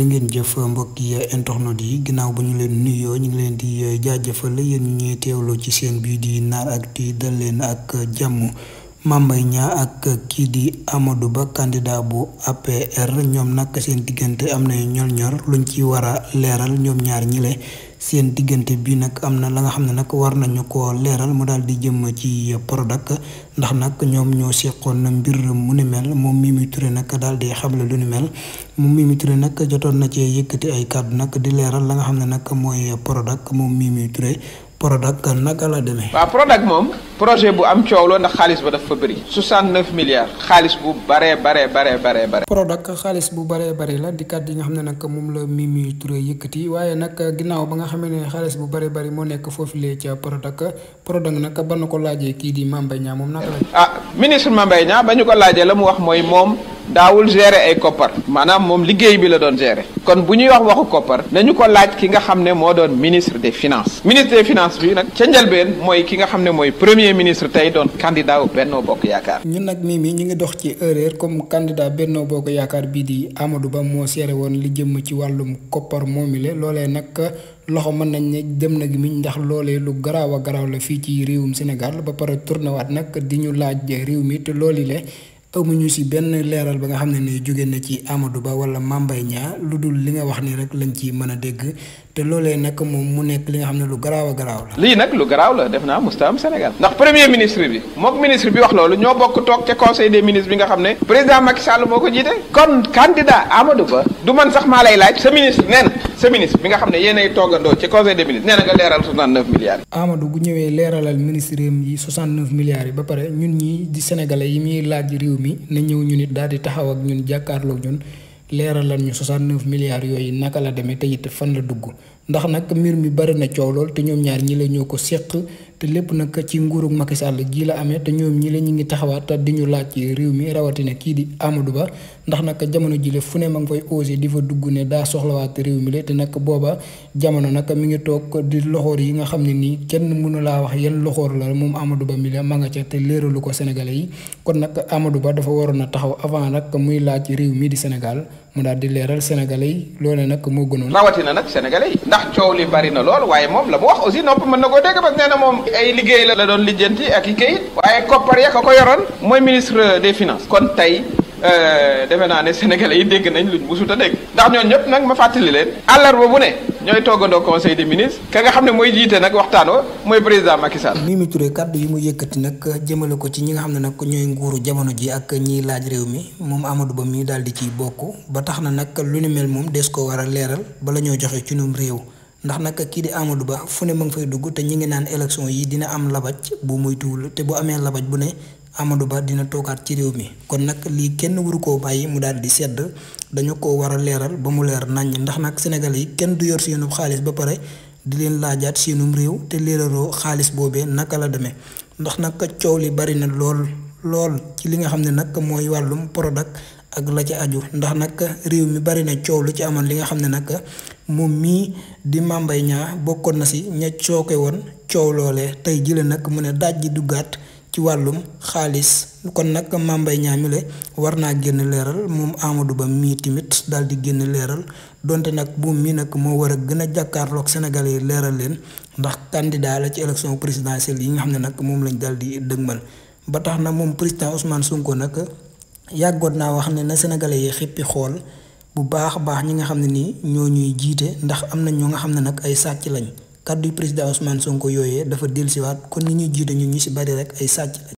jërë ngeen jëf mbokk yi internet yi ginnaaw bu ñu leen nuyoo ñu ngi leen di eh, jaajëfal yéen ñu ñuy teewloo ci seen bii di naar ak ti dal leen ak jàmm mamay Mbaye ak kii di Amadou Ba candidat bu APR ñoom nag seen diggante am na ñor-ñor luñ ci war a leeral ñoom ñaar ñile seen diggante bi nag am na la nga xam ne nag war nañu ko leeral mu daal di jëm ci Prodac ndax nag ñoom ñoo seqoon mbir mu ni mel moom Touré nag daal di lu ni mel moom Mimi Touré nak jotone na ci yëkkati ay kàddu nak di leeral la nga xam nak moy product kan Prodac moom Mimi Touré Prodac nak la demee. wa product mom projet bu am coow la ndax xaalis ba dafa bëri. 69 milliards xaalis bu bare bare bare bare bare. product xaalis bu bare bare la di kàddu nga xam nak mom la Mimi Touré yëkkati waye nak ginnaaw ba nga xam ne bu bare bare mo nekk fofu lee ci product product nak ban ko laajee ki di mambay Mbaye mom nak ah ministre mambay Mbaye bañu ko laajee lamu wax moy mom daawul gérer ay koppar maanaam moom liggéey bi la doon gere kon bu ñuy wax waxu koppar nañu ko laaj ki nga xam ne moo doon ministre des finance ministre des finances bi nag ca njëlbeen mooy ki nga xam ne mooy premier ministre tey doon candidat wu Benno Bokk Yaakaar. nag mii mii ñu ngi dox ci erreur comme candidat Benno Bokk Yaakaar bii di Amadou Ba moo seere woon li jëm ci wàllum koppar moomile loolee nag. loxo mën nañ ne dem na gimiñ ndax loolee lu garaaw a garaaw la fii ci réewum Sénégal ba pare tourné waat nag di ñu laaj réew mi te loolu amuñu si benn leeral ba nga xam ne ni jóge na ci Amadou Ba wala Mame Mbaye lu dul li nga wax nii rek lañ ci mën a dégg te loolee nag moom mu nekk li nga xam ne lu garaaw a garaaw la. lii nag lu garaaw la def naa musta am Sénégal. ndax premier ministre bi mook ministre bi wax loolu ñoo bokk toog ca conseil des ministres bi nga xam ne président Macky Sall moo ko jiite. kon candidat Amadou Ba du man sax maa lay laaj sa ministre nee sa ministre bi nga xam ne yéenay toogandoo ci conseil des ministres nee na nga leeral 69 milliards yi. Amadou bu ñëwee leeralal ministre yi 69 milliards yi ba pare ñun ñi di sénégalais yi muy laaj réew mi na ñëw ñu nit daal di taxaw ak ñun jàkkaarloog ñun leeralal ñu 69 milliards yooyu naka la demee te it fan la dugg ndax nag mbir mi bari na coow lool te ñoom ñaar ñii la ñoo ko séq te lépp nag ci nguurug Macky Sall jii la amee te ñoom ñii la ñu ngi taxawaat di ñu laat ci réew mi rawatina kii di Amadou Ba ndax nag jamono jile fu ne ma ngi fay osé di fa dugg ne daa soxlawaat réew mi la te nag booba jamono nag mi ngi toog di loxoor yi nga xam ne nii kenn mënu laa wax yan loxoor la moom amadu Ba mi la ma nga ca te léeralu ko Sénégalais yi kon nag Amadou Ba dafa waroon a taxaw avant nag muy ci réew mii di Sénégal mu naa di leeral sénégalais yi loole nag moo gënoon rawatina nag sénégalais yi ndax coow li bari na lool waaye moom la mu wax aussi nopp mën na koo dégg parce que nee moom ay liggéey la la doon lijjanti ak i kayit waaye koppar ya ko yoroon mooy ministre des finance kon tey Euh, defe naa ne sénégalais yi dégg nañ luñ musut dégg ndax ñooñu ñëpp nag ma fàttali leen àllarba bu ne ñooy toggandoo conseil des ministres ka nga xam ne mooy jiite nag waxtaanoo mooy président Macky Sall. Mimi Touré kàddu yi mu yëkkati nag jëmale ko ci ñi nga xam ne nag ñooy nguuru jamono ji ak ñii laaj réew mi moom amadu Ba mi daal di ciy bokk ba tax na nag lu ni mel moom des ko war a leeral bala ñoo joxe ci num réew. ndax nag kii di Amadou Ba fu ne ma nga fay dugg te ñi ngi naan élection yi am labaj bu muy tuul te bu amee labaj bu ne Amadou Ba dina toogaat ci réew mi kon nag lii kenn waru koo bàyyi mu daal di sedd dañu ko war a leeral ba mu leer naññ ndax nag Sénégal yi kenn du yor seenub xaalis ba pare di leen laajaat seenum réew te leeraloo xaalis boobee naka la deme ndax nag coow li bari na lool lool ci li nga xam ne nag mooy wàllum Prodac ak la ci aju ndax nag réew mi bari na coow lu ci amoon li nga xam ne nag moom mii di Mame Mbaye bokkoon na si ña cooke woon coow loole tey jële nag mu ne daaj ji duggaat ci wàllum xaalis kon nag Mame Mbaye Niang mi la war naa génn leeral moom Amadou Ba mii timit daal di génn leeral donte nag buum mii nag moo war a gën a jàkkaarloog Sénégalais yi leeral leen ndax candidat la ci élection présidentielle yi nga xam ne nag moom lañ daal di dëgmal ba tax na moom président Ousmane Sonko nag yàggoon naa wax ne na Sénégalais yi xippi xool bu baax a baax ñi nga xam ne nii ñoo ñuy jiite ndax am na ñoo nga xam ne nag ay sàcc lañ. kàddu président Ousmane Sonko yooyee dafa dellusiwaat kon ñi ñuy jiite ñun ñu si bari rek ay sàcc